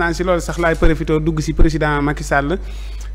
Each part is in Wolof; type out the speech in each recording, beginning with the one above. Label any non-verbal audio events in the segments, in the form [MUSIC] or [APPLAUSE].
naa si loolu sax laay profité dugg si président Macky Sall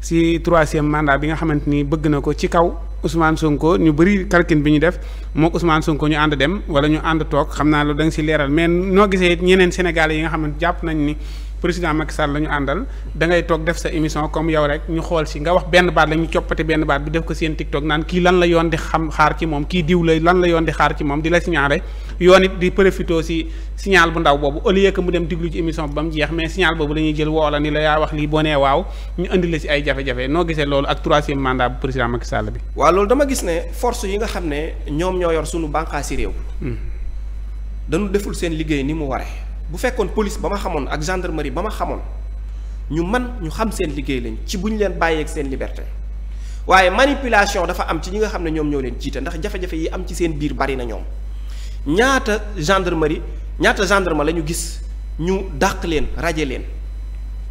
si troisième mandat bi nga xamante ni bëgg na ko ci kaw Ousmane Sonko ñu bëri kalkin bi ñu def mook usmaan Sonko ñu ànd dem wala ñu ànd toog xam naa loolu da nga si leeral mais noo gisee ñeneen Sénégalais yi nga xamante jàpp nañ ni. président Macky Sall ñu àndal da ngay toog def sa émission comme yow rek ñu xool si nga wax benn baat la ñu coppati benn baat bi def ko seen TikTok naan kii lan la yoon di xam xaar ci moom kii diw la lan la di xaar ci moom di la signalé yoon it di profité si signal bu ndaw boobu au lieu mu dem diglu ci émission bi ba mu jeex mais signal boobu la ñuy jël woo la ni la yaa wax lii boo nee waaw ñu indi la si ay jafe-jafe noo gisee loolu ak troisième mandat bu président Macky Sall bi. waaw loolu gis ne force yi nga xam ne ñoom ñoo yor sunu bànqaasi réew. Hmm. dañu deful seen liggéey ni mu waree. bu fekkoon police ba ma xamoon ak gendarmerie ba ma xamoon ñu man ñu xam seen liggéey lañ ci bu ñu leen bàyyeek seen liberté waaye manipulation dafa am ci ñi nga xam ne ñoom ñoo leen jiite ndax jafe-jafe yi am ci seen biir bari na ñoom ñaata gendarmerie ñaata gendarme la ñu gis ñu dàq leen raje leen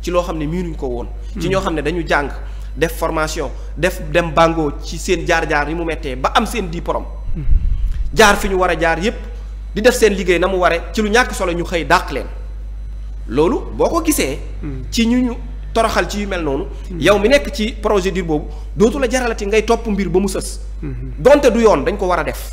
ci loo xam ne miinuñ ko woon. ci ñoo xam ne dañu jàng def formation def dem bàngoo ci seen jaar-jaar yi mu mettee ba am seen diplôme. Mm-hmm. jaar fi ñu war a jaar yépp di def seen liggéey na mu ware ci lu ñàkk solo ñu xëy dàq leen loolu boo ko gisee. Hmm. ci ñu ñu toroxal ci yu mel noonu. Hmm. yow mi nekk ci procédure boobu dootu la jaralati ngay topp mbir ba mu sës. Hmm. donte du yoon dañ ko war a def.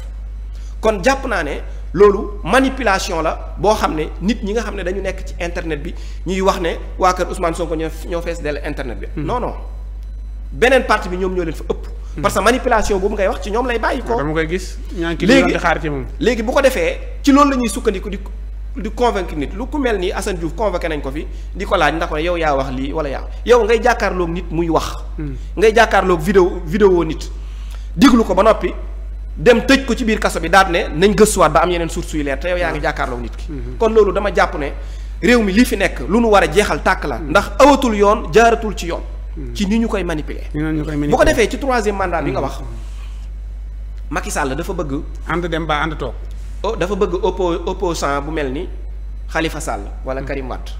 kon jàpp naa ne loolu manipulation la boo xam ne nit ñi nga xam ne dañu nekk ci internet bi ñuy wax ne waa kër Ousmane Sonko ñoo ñoo fees dell internet bi. non non beneen parti bi ñoom ñoo leen fa ëpp. Hmm. parce que manipulation boobu ngay wax ci ñoom lay bàyyi ko. dama koy gis ñaa ngi di xaar ci léegi bu ko defee ci loolu la sukkandiku di di convaincre nit lu ku mel ni Assane Diouf convoqué nañ ko fi di ko laaj ndax yow yaa wax lii wala yaa yow ngay jàkkaarloog nit muy wax. Hmm. ngay jàkkaarloog vidéo vidéo nit diglu ko ba noppi. dem tëj ko ci biir kaso bi daat ne nañ gëstuwaat ba am yeneen source yu leer te yow yaa ngi hmm. jàkkaarloog nit ki kon loolu dama jàpp ne réew mi li fi nekk lu nu war a jeexal tàkk ndax awatul yoon jaaratul ci yoon Hmm. ci ni ñu koy manipuler. bu ko defee ci troisième mandat bi nga wax. Hmm. Macky Sall dafa bëgg. ànd dem ba ànd toog. oh dafa bëgg oppo opposant bu mel ni xalifa Sall. wala hmm. Karim Wade.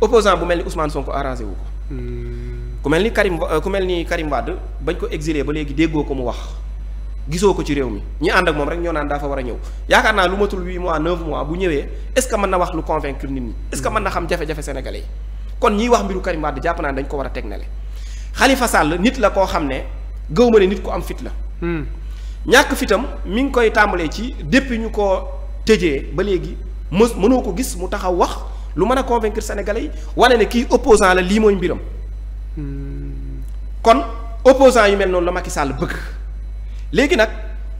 opposant bu mel ni Ousmane Sonko arrangé wu ko. ku mel ni Karim ku mel ni Karim Wade bañ ko exilé ba léegi déggoo ko mu wax. gisoo ko ci réew mi ñi ànd ak moom rek ñoo naan daa fa war a ñëw yaakaar naa lu matul huit mois neuf mois bu ñëwee est-ce que mën na wax lu convaincre nit ñi. est-ce que mën na xam jafe-jafe sénégalais yi. wax mbiru Karim Wade jàpp naa dañ ko war a teg Khalifa Sall nit la koo xam ne gëw ma ne nit ku am fit la. Hmm. ñàkk fitam mi ngi koy tàmbalee ci depuis ñu ko tëjee ba léegi mës mënoo ko gis mu taxaw wax lu mën a convaincre sénégalais yi wane ne kii opposant la lii mooy mbiram. Hmm. kon opposant yu mel noonu la Macky sàll bëgg léegi nag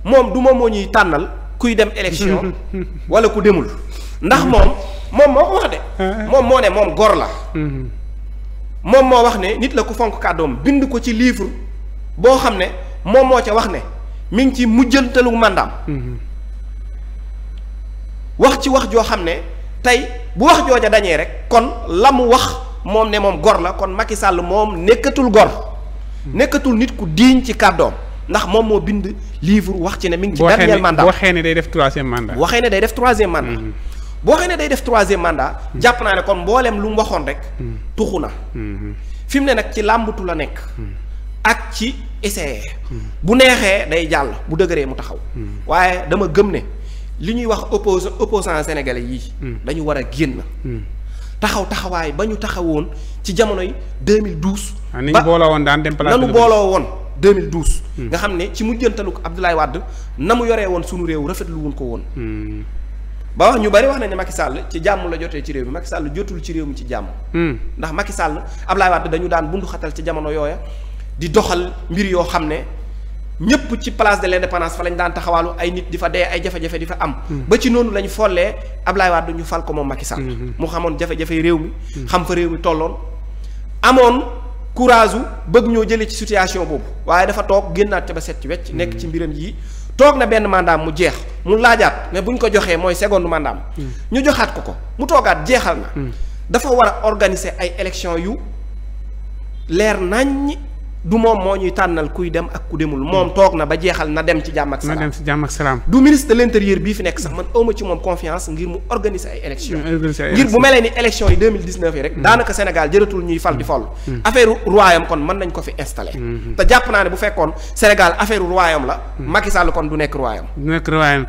moom du moom moo ñuy tànnal kuy dem élection [LAUGHS] wala ku demul ndax moom moom moo ko wax de ah, ah. moom moo ne moom gor la hmm. moom moo wax ne nit la ku fonk kàddoom bind ko ci livre boo xam ne moom moo ca wax ne mi ngi ci mujjantalu màndaam wax ci wax joo xam ne tey bu wax jooja dañee rek kon la mu wax moom ne moom gor la kon Macky Sall moom nekkatul gor nekkatul nit ku diiñ ci kàddoom ndax moom moo bind livre wax ci ne mi ngi ci dernier mandat boo xee ne day def troisième mandat waxee ne day def troisième mandat mm-hmm. boo xam ne day def troisième mandat. jàpp naa ne kon mbooleem lu mu waxoon rek. tuxu na. fi mu ne nag ci làmbatu la nekk. ak ci essayer. bu neexee day jàll bu dëgëree mu taxaw. waaye dama gëm ne li ñuy wax oppos opposant sénégalais yi dañu war a génn. taxaw taxawaay ba ñu taxawoon ci jamonoy 2012. Ah, ba nañu booloo woon daan dem place nañu booloo woon 2012. Hmm. nga xam ne ci mujjantalu Abdoulaye Wade na mu yoree woon sunu réew rafetlu wuñ ko woon. Hmm. ba wax ñu bari wax na ne Macky Sall ci jàmm la jotee ci réew mi Macky Sall jotul ci réew mi ci jàmm. Hmm. ndax Macky Sall Ablaye dañu daan bunduxatal xatal ci jamono yooya di doxal mbir yoo xam ne ñëpp ci place de l'indépendance fa lañ daan taxawaalu ay nit di fa dee ay jafe-jafe di fa am. Hmm. ba ci noonu lañ follee Ablaye Wade ñu fal ko moom Macky Sall. Hmm. mu xamoon jafe-jafe réew mi. xam fa réew mi tolloon amoon. courage bëgg ñoo jëlee ci situation boobu waaye dafa toog génnaat ca ba set ci wecc nekk ci mbiram yii toog na benn mandat mu jeex mu laajaat ne ñu ko joxee mooy seconde mandat hmm. ñu joxaat ko ko mu toogaat jeexal na. Hmm. dafa war a organiser ay élections yu leer naññ. du moom moo ñuy tànnal kuy dem ak ku demul moom mm. toog na ba jeexal na dem ci jàmm ak salaam na dem ci jàmm ak du ministre l'intérieur bii fi nekk sax man awma ci moom confiance ngir mu organiser ay élection mm, ngir bu melee ni élection yi 2019 yi rek mm. daanaka Sénégal jërëtul ñuy fal di fol affaire royaume kon mën nañ ko fi installer mm-hmm. te jàpp naa ne bu fekkoon Sénégal affaire royaume la Macky Sall kon du nekk royaume du nekk royaume